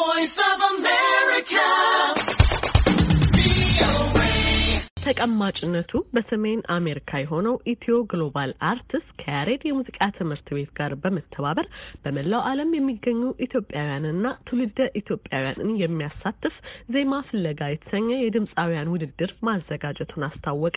voice of a ተቀማጭነቱ በሰሜን አሜሪካ የሆነው ኢትዮ ግሎባል አርትስ ከያሬድ የሙዚቃ ትምህርት ቤት ጋር በመተባበር በመላው ዓለም የሚገኙ ኢትዮጵያውያንና ትውልደ ኢትዮጵያውያንን የሚያሳትፍ ዜማ ፍለጋ የተሰኘ የድምፃውያን ውድድር ማዘጋጀቱን አስታወቀ።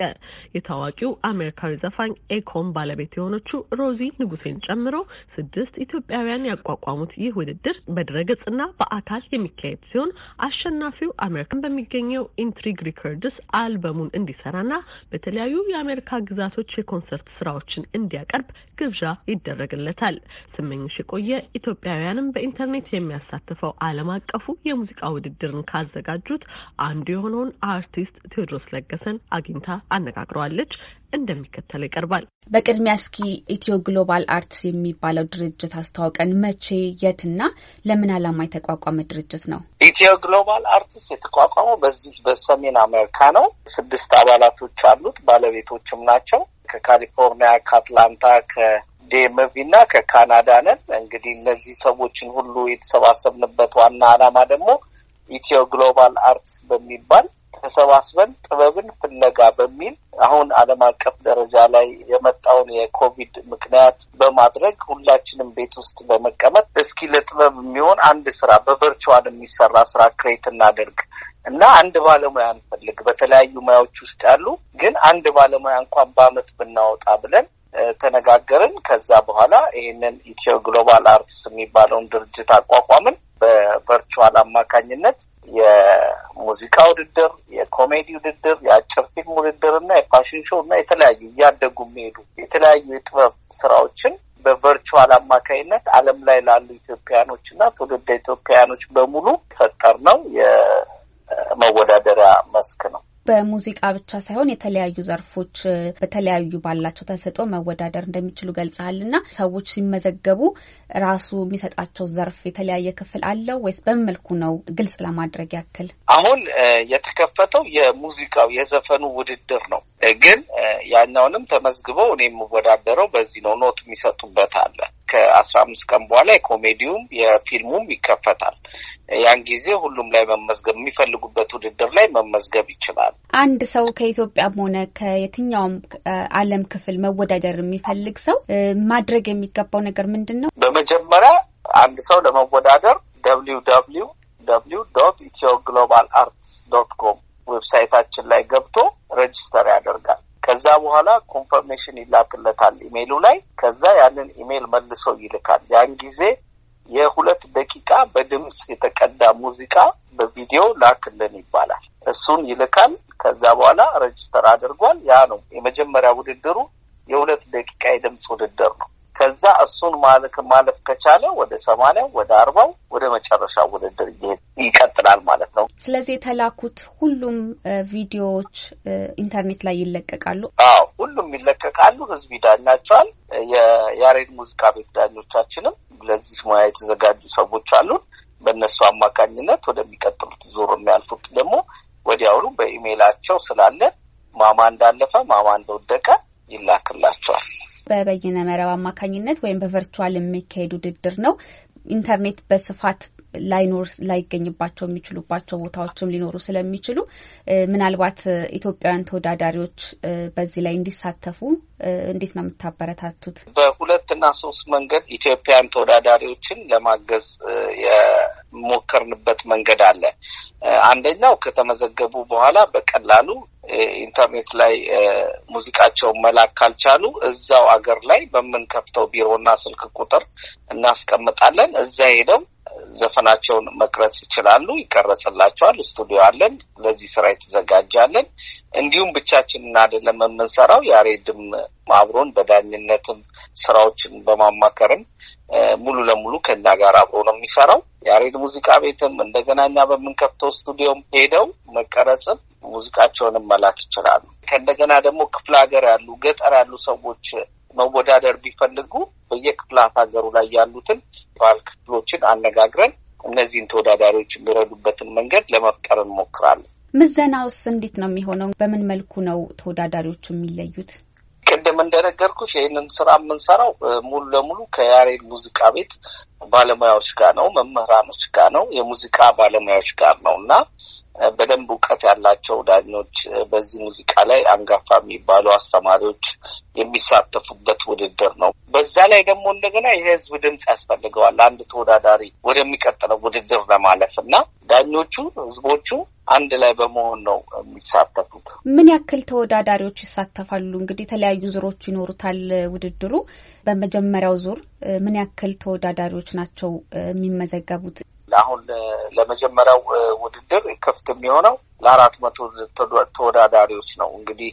የታዋቂው አሜሪካዊ ዘፋኝ ኤኮም ባለቤት የሆነችው ሮዚ ንጉሴን ጨምሮ ስድስት ኢትዮጵያውያን ያቋቋሙት ይህ ውድድር በድረገጽና በአካል የሚካሄድ ሲሆን አሸናፊው አሜሪካን በሚገኘው ኢንትሪግ ሪከርድስ አልበሙን እንዲሰራና በተለያዩ የአሜሪካ ግዛቶች የኮንሰርት ስራዎችን እንዲያቀርብ ግብዣ ይደረግለታል። ስመኝሽ የቆየ ኢትዮጵያውያንም በኢንተርኔት የሚያሳትፈው ዓለም አቀፉ የሙዚቃ ውድድርን ካዘጋጁት አንዱ የሆነውን አርቲስት ቴዎድሮስ ለገሰን አግኝታ አነጋግረዋለች። እንደሚከተለው ይቀርባል። በቅድሚያ እስኪ ኢትዮ ግሎባል አርትስ የሚባለው ድርጅት አስተዋውቀን። መቼ፣ የትና ለምን ዓላማ የተቋቋመ ድርጅት ነው? ኢትዮ ግሎባል አርትስ የተቋቋመው በዚህ በሰሜን አሜሪካ ነው። ስድስት ስድስት አባላቶች አሉት። ባለቤቶችም ናቸው። ከካሊፎርኒያ፣ ከአትላንታ፣ ከዴመቪ እና ከካናዳ ነን። እንግዲህ እነዚህ ሰዎችን ሁሉ የተሰባሰብንበት ዋና ዓላማ ደግሞ ኢትዮ ግሎባል አርትስ በሚባል ተሰባስበን ጥበብን ፍለጋ በሚል አሁን ዓለም አቀፍ ደረጃ ላይ የመጣውን የኮቪድ ምክንያት በማድረግ ሁላችንም ቤት ውስጥ በመቀመጥ እስኪ ለጥበብ የሚሆን አንድ ስራ በቨርቹዋል የሚሰራ ስራ ክሬት እናደርግ እና አንድ ባለሙያ እንፈልግ፣ በተለያዩ ሙያዎች ውስጥ ያሉ ግን አንድ ባለሙያ እንኳን በአመት ብናወጣ ብለን ተነጋገርን። ከዛ በኋላ ይህንን ኢትዮ ግሎባል አርትስ የሚባለውን ድርጅት አቋቋምን። በቨርቹዋል አማካኝነት የሙዚቃ ውድድር፣ የኮሜዲ ውድድር፣ የአጭር ፊልም ውድድር እና የፋሽን ሾው እና የተለያዩ እያደጉ የሚሄዱ የተለያዩ የጥበብ ስራዎችን በቨርቹዋል አማካኝነት ዓለም ላይ ላሉ ኢትዮጵያኖች እና ትውልደ ኢትዮጵያኖች በሙሉ ፈጠር ነው የመወዳደሪያ መስክ ነው። በሙዚቃ ብቻ ሳይሆን የተለያዩ ዘርፎች በተለያዩ ባላቸው ተሰጥኦ መወዳደር እንደሚችሉ ገልጸሃል እና ሰዎች ሲመዘገቡ ራሱ የሚሰጣቸው ዘርፍ የተለያየ ክፍል አለው ወይስ በምን መልኩ ነው? ግልጽ ለማድረግ ያክል አሁን የተከፈተው የሙዚቃው የዘፈኑ ውድድር ነው። ግን ያኛውንም ተመዝግበው እኔ የምወዳደረው በዚህ ነው። ኖት የሚሰጡበት አለ። ከአስራ አምስት ቀን በኋላ የኮሜዲውም የፊልሙም ይከፈታል። ያን ጊዜ ሁሉም ላይ መመዝገብ የሚፈልጉበት ውድድር ላይ መመዝገብ ይችላል። አንድ ሰው ከኢትዮጵያም ሆነ ከየትኛውም ዓለም ክፍል መወዳደር የሚፈልግ ሰው ማድረግ የሚገባው ነገር ምንድን ነው? በመጀመሪያ አንድ ሰው ለመወዳደር ደብሊው ደብሊው ደብሊው ዶት ኢትዮ ግሎባል አርትስ ዶት ኮም ዌብሳይታችን ላይ ገብቶ ሬጅስተር ያደርጋል። ከዛ በኋላ ኮንፈርሜሽን ይላክለታል ኢሜይሉ ላይ። ከዛ ያንን ኢሜይል መልሶ ይልካል። ያን ጊዜ የሁለት ደቂቃ በድምፅ የተቀዳ ሙዚቃ በቪዲዮ ላክልን ይባላል። እሱን ይልካል። ከዛ በኋላ ሬጅስተር አድርጓል። ያ ነው የመጀመሪያ ውድድሩ። የሁለት ደቂቃ የድምፅ ውድድር ነው። ከዛ እሱን ማለክ ማለፍ ከቻለ ወደ ሰማንያው ወደ አርባው ወደ መጨረሻ ውድድር ይቀጥላል ማለት ነው። ስለዚህ የተላኩት ሁሉም ቪዲዮዎች ኢንተርኔት ላይ ይለቀቃሉ። አዎ ሁሉም ይለቀቃሉ። ህዝብ ይዳኛቸዋል። የያሬድ ሙዚቃ ቤት ዳኞቻችንም ለዚህ ሙያ የተዘጋጁ ሰዎች አሉን። በእነሱ አማካኝነት ወደሚቀጥሉት ዙር የሚያልፉት ደግሞ ወዲያውኑ በኢሜይላቸው ስላለ ማማ እንዳለፈ ማማ እንደወደቀ ይላክላቸዋል። በበይነ መረብ አማካኝነት ወይም በቨርቹዋል የሚካሄድ ውድድር ነው። ኢንተርኔት በስፋት ላይኖር ላይገኝባቸው የሚችሉባቸው ቦታዎችም ሊኖሩ ስለሚችሉ ምናልባት ኢትዮጵያውያን ተወዳዳሪዎች በዚህ ላይ እንዲሳተፉ እንዴት ነው የምታበረታቱት? በሁለትና ሶስት መንገድ ኢትዮጵያውያን ተወዳዳሪዎችን ለማገዝ ሞከርንበት መንገድ አለ። አንደኛው ከተመዘገቡ በኋላ በቀላሉ ኢንተርኔት ላይ ሙዚቃቸውን መላክ ካልቻሉ እዛው አገር ላይ በምንከፍተው ቢሮና ስልክ ቁጥር እናስቀምጣለን። እዛ ሄደው ዘፈናቸውን መቅረጽ ይችላሉ። ይቀረጽላቸዋል። ስቱዲዮ አለን። ለዚህ ስራ የተዘጋጃለን። እንዲሁም ብቻችንን አይደለም የምንሰራው። ያሬድም አብሮን በዳኝነትም ስራዎችን በማማከርም ሙሉ ለሙሉ ከኛ ጋር አብሮ ነው የሚሰራው። ያሬድ ሙዚቃ ቤትም እንደገና እኛ በምንከፍተው ስቱዲዮም ሄደው መቀረጽም ሙዚቃቸውንም መላክ ይችላሉ። ከእንደገና ደግሞ ክፍለ ሀገር ያሉ ገጠር ያሉ ሰዎች መወዳደር ቢፈልጉ በየክፍላት ሀገሩ ላይ ያሉትን የሙኒሲፓል ክፍሎችን አነጋግረን እነዚህን ተወዳዳሪዎች የሚረዱበትን መንገድ ለመፍጠር እንሞክራለን። ውስጥ እንዴት ነው የሚሆነው? በምን መልኩ ነው ተወዳዳሪዎቹ የሚለዩት? ቅድም እንደነገርኩሽ ይህንን ስራ የምንሰራው ሙሉ ለሙሉ ከያሬድ ሙዚቃ ቤት ባለሙያዎች ጋር ነው፣ መምህራኖች ጋር ነው፣ የሙዚቃ ባለሙያዎች ጋር ነው እና በደንብ እውቀት ያላቸው ዳኞች፣ በዚህ ሙዚቃ ላይ አንጋፋ የሚባሉ አስተማሪዎች የሚሳተፉበት ውድድር ነው። በዛ ላይ ደግሞ እንደገና የህዝብ ድምፅ ያስፈልገዋል አንድ ተወዳዳሪ ወደሚቀጥለው ውድድር ለማለፍ እና ዳኞቹ ህዝቦቹ አንድ ላይ በመሆን ነው የሚሳተፉት። ምን ያክል ተወዳዳሪዎች ይሳተፋሉ? እንግዲህ የተለያዩ ዙሮች ይኖሩታል ውድድሩ። በመጀመሪያው ዙር ምን ያክል ተወዳዳሪዎች ናቸው የሚመዘገቡት? አሁን ለመጀመሪያው ውድድር ክፍት የሚሆነው ለአራት መቶ ተወዳዳሪዎች ነው። እንግዲህ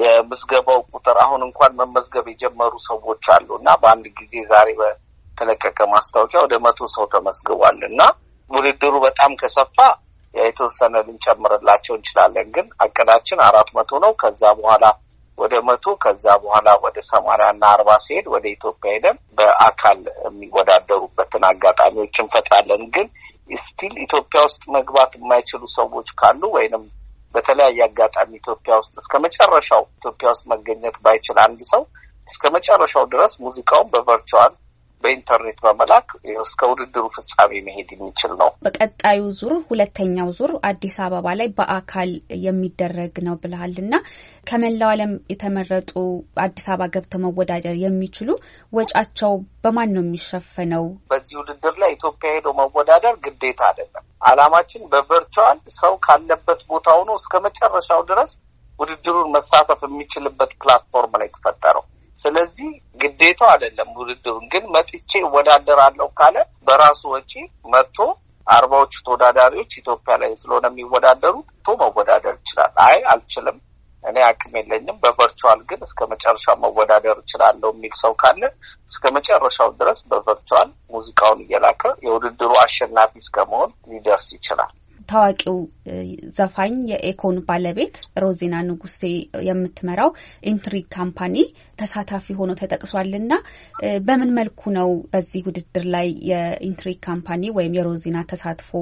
የምዝገባው ቁጥር አሁን እንኳን መመዝገብ የጀመሩ ሰዎች አሉ እና በአንድ ጊዜ ዛሬ በተለቀቀ ማስታወቂያ ወደ መቶ ሰው ተመዝግቧል እና ውድድሩ በጣም ከሰፋ የተወሰነ ልንጨምርላቸው እንችላለን። ግን አቅዳችን አራት መቶ ነው። ከዛ በኋላ ወደ መቶ ከዛ በኋላ ወደ ሰማንያ እና አርባ ሲሄድ ወደ ኢትዮጵያ ሄደን በአካል የሚወዳደሩበትን አጋጣሚዎች እንፈጥራለን። ግን ስቲል ኢትዮጵያ ውስጥ መግባት የማይችሉ ሰዎች ካሉ ወይንም በተለያየ አጋጣሚ ኢትዮጵያ ውስጥ እስከ መጨረሻው ኢትዮጵያ ውስጥ መገኘት ባይችል አንድ ሰው እስከ መጨረሻው ድረስ ሙዚቃውን በቨርቹዋል በኢንተርኔት በመላክ እስከ ውድድሩ ፍጻሜ መሄድ የሚችል ነው። በቀጣዩ ዙር ሁለተኛው ዙር አዲስ አበባ ላይ በአካል የሚደረግ ነው ብለሃል እና ከመላው ዓለም የተመረጡ አዲስ አበባ ገብተ መወዳደር የሚችሉ ወጫቸው በማን ነው የሚሸፈነው? በዚህ ውድድር ላይ ኢትዮጵያ ሄዶ መወዳደር ግዴታ አይደለም። አላማችን በቨርቹዋል ሰው ካለበት ቦታ ሆኖ እስከ መጨረሻው ድረስ ውድድሩን መሳተፍ የሚችልበት ፕላትፎርም ላይ የተፈጠረው ስለዚህ ግዴታው አይደለም። ውድድሩን ግን መጥቼ እወዳደራለሁ ካለ በራሱ ወጪ መጥቶ አርባዎቹ ተወዳዳሪዎች ኢትዮጵያ ላይ ስለሆነ የሚወዳደሩ ቶ መወዳደር ይችላል። አይ አልችልም፣ እኔ አቅም የለኝም፣ በቨርቹዋል ግን እስከ መጨረሻው መወዳደር እችላለሁ የሚል ሰው ካለ እስከ መጨረሻው ድረስ በቨርቹዋል ሙዚቃውን እየላከ የውድድሩ አሸናፊ እስከመሆን ሊደርስ ይችላል። ታዋቂው ዘፋኝ የኤኮን ባለቤት ሮዚና ንጉሴ የምትመራው ኢንትሪግ ካምፓኒ ተሳታፊ ሆኖ ተጠቅሷልና በምን መልኩ ነው በዚህ ውድድር ላይ የኢንትሪግ ካምፓኒ ወይም የሮዚና ተሳትፎ?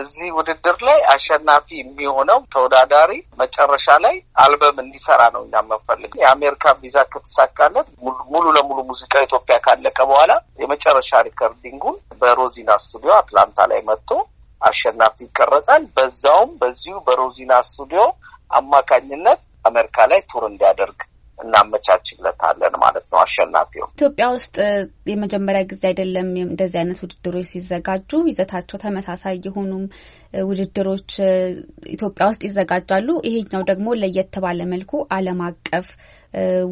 እዚህ ውድድር ላይ አሸናፊ የሚሆነው ተወዳዳሪ መጨረሻ ላይ አልበም እንዲሰራ ነው እኛ የምንፈልግ። የአሜሪካ ቪዛ ከተሳካለት ሙሉ ለሙሉ ሙዚቃ ኢትዮጵያ ካለቀ በኋላ የመጨረሻ ሪከርዲንጉን በሮዚና ስቱዲዮ አትላንታ ላይ መጥቶ አሸናፊ ይቀረጻል። በዛውም በዚሁ በሮዚና ስቱዲዮ አማካኝነት አሜሪካ ላይ ቱር እንዲያደርግ እናመቻችለታለን ማለት ነው። አሸናፊው ኢትዮጵያ ውስጥ የመጀመሪያ ጊዜ አይደለም እንደዚህ አይነት ውድድሮች ሲዘጋጁ፣ ይዘታቸው ተመሳሳይ የሆኑም ውድድሮች ኢትዮጵያ ውስጥ ይዘጋጃሉ። ይሄኛው ደግሞ ለየት ባለ መልኩ ዓለም አቀፍ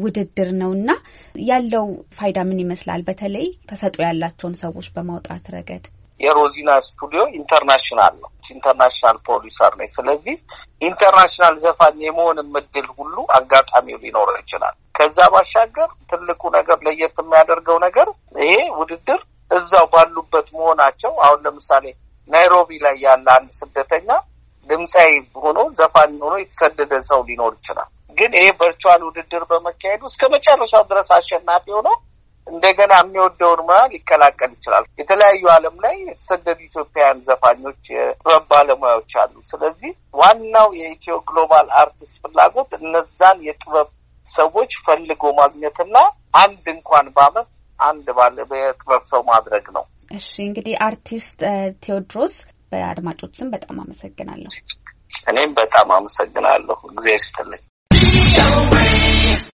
ውድድር ነው እና ያለው ፋይዳ ምን ይመስላል? በተለይ ተሰጥኦ ያላቸውን ሰዎች በማውጣት ረገድ የሮዚና ስቱዲዮ ኢንተርናሽናል ነው። ኢንተርናሽናል ፕሮዲሰር ነች። ስለዚህ ኢንተርናሽናል ዘፋኝ የመሆን እድል ሁሉ አጋጣሚው ሊኖረው ይችላል። ከዛ ባሻገር ትልቁ ነገር ለየት የሚያደርገው ነገር ይሄ ውድድር እዛው ባሉበት መሆናቸው። አሁን ለምሳሌ ናይሮቢ ላይ ያለ አንድ ስደተኛ ድምፃዊ ሆኖ ዘፋኝ ሆኖ የተሰደደ ሰው ሊኖር ይችላል። ግን ይሄ ቨርቹዋል ውድድር በመካሄዱ እስከ መጨረሻው ድረስ አሸናፊ ሆነው እንደገና የሚወደውን ሙያ ሊቀላቀል ይችላል። የተለያዩ ዓለም ላይ የተሰደዱ ኢትዮጵያውያን ዘፋኞች፣ የጥበብ ባለሙያዎች አሉ። ስለዚህ ዋናው የኢትዮ ግሎባል አርቲስት ፍላጎት እነዛን የጥበብ ሰዎች ፈልጎ ማግኘትና አንድ እንኳን በአመት አንድ ባለ የጥበብ ሰው ማድረግ ነው። እሺ እንግዲህ አርቲስት ቴዎድሮስ በአድማጮች ስም በጣም አመሰግናለሁ። እኔም በጣም አመሰግናለሁ። እግዚአብሔር ይስጥልኝ።